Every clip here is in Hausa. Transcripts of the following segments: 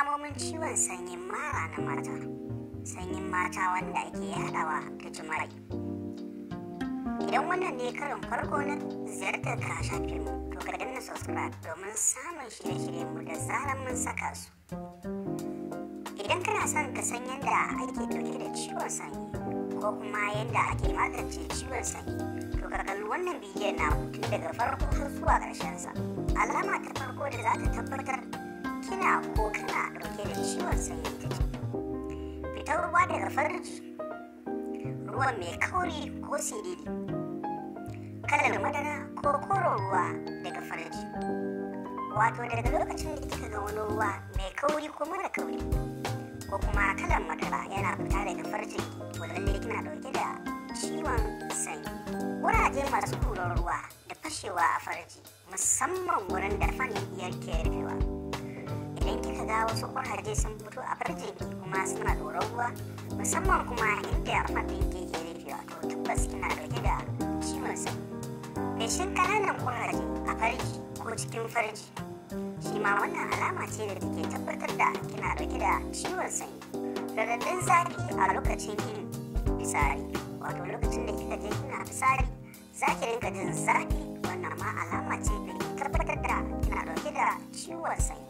alamomin ciwon sanyin mara na mata sanyin mata wanda ake yadawa da jima'i idan wannan ne karin farko na ziyartar ka shafin mu to ka danna subscribe domin samun shirye-shirye mu da zarar mun saka su idan kana son ka san yadda ake dauke da ciwon sanyi ko kuma yadda ake magance ciwon sanyi to ka kalli wannan bidiyon na tun daga farko har zuwa ƙarshen sa alama ta farko da za ta tabbatar kana ko kana ɗauke da ciwon sanyin jiki fitar ruwa daga farji ruwan mai kauri ko siriri kalar madara ko koron ruwa daga farji wato daga lokacin da kika ga wani ruwa mai kauri ko mara kauri ko kuma kalar madara yana fita daga farji to lallai kina ɗauke da ciwon sanyi wuraje masu kurar ruwa da fashewa a farji musamman wurin da fani yake rufewa idan kika ga wasu kuraje sun fito a farjinki kuma suna tsoron ruwa musamman kuma inda farjin ke ke rufe wato tabbas kina dauke da ciwon sa shi kananan kuraje a farji ko cikin farji shi ma wannan alama ce da take tabbatar da kina dauke da ciwon sanyi radadin zaki a lokacin yin fisari wato lokacin da kika je kina fisari za ki rinka jin zaki wannan ma alama ce da ke tabbatar da kina dauke da ciwon sanyi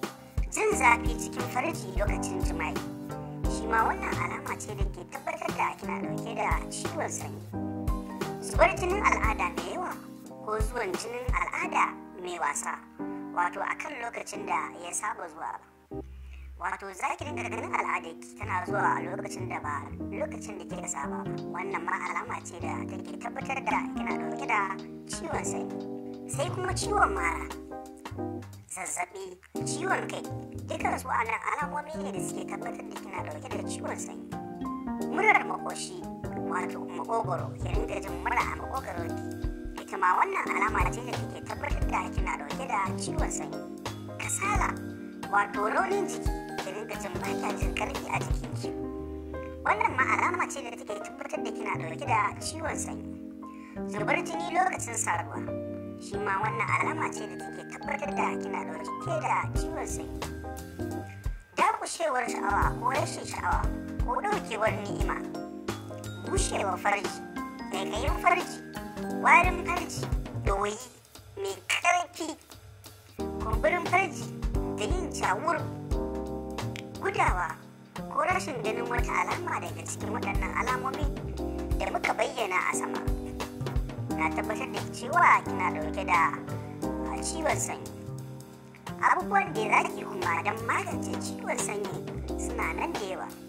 jin zafi cikin farin lokacin jima'i shi ma wannan alama ce da ke tabbatar da kina dauke da ciwon sanyi zubar jinin al'ada mai yawa ko zuwan jinin al'ada mai wasa wato akan lokacin da ya saba zuwa ba wato za ki dinga ganin al'adar ki tana zuwa a lokacin da ba lokacin da kika saba wannan ma alama ce da take tabbatar da kina dauke da ciwon sanyi sai kuma ciwon mara zazzaɓi ciwon kai dukansu waɗannan alamomi ne da suke tabbatar da kina ɗauke da ciwon sanyi murar makoshi wato makogoro ki ringa jin mura a makogoro ne. ita ma wannan alama ce da take tabbatar da kina ɗauke da ciwon sanyi kasala wato raunin jiki ki da jin baki jin karfi a jikin ki wannan ma alama ce da take tabbatar da kina ɗauke da ciwon sanyi zubar jini lokacin saduwa Shima wannan alama ce da take tabbatar da kina dauke da ciwon sanyi dakushewar sha'awa ko rashin sha'awa ko daukewar ni'ima bushewa farji kaikayin farji warin farji da wayi mai karfi kumburin farji da yin cawur gudawa ko rashin ganin wata alama daga cikin waɗannan alamomi da muka bayyana a sama. na tabbatar da cewa kina dauke da ah, ciwon sanyi abubuwan da za ki kuma don magance ciwon sanyi suna nan da yawa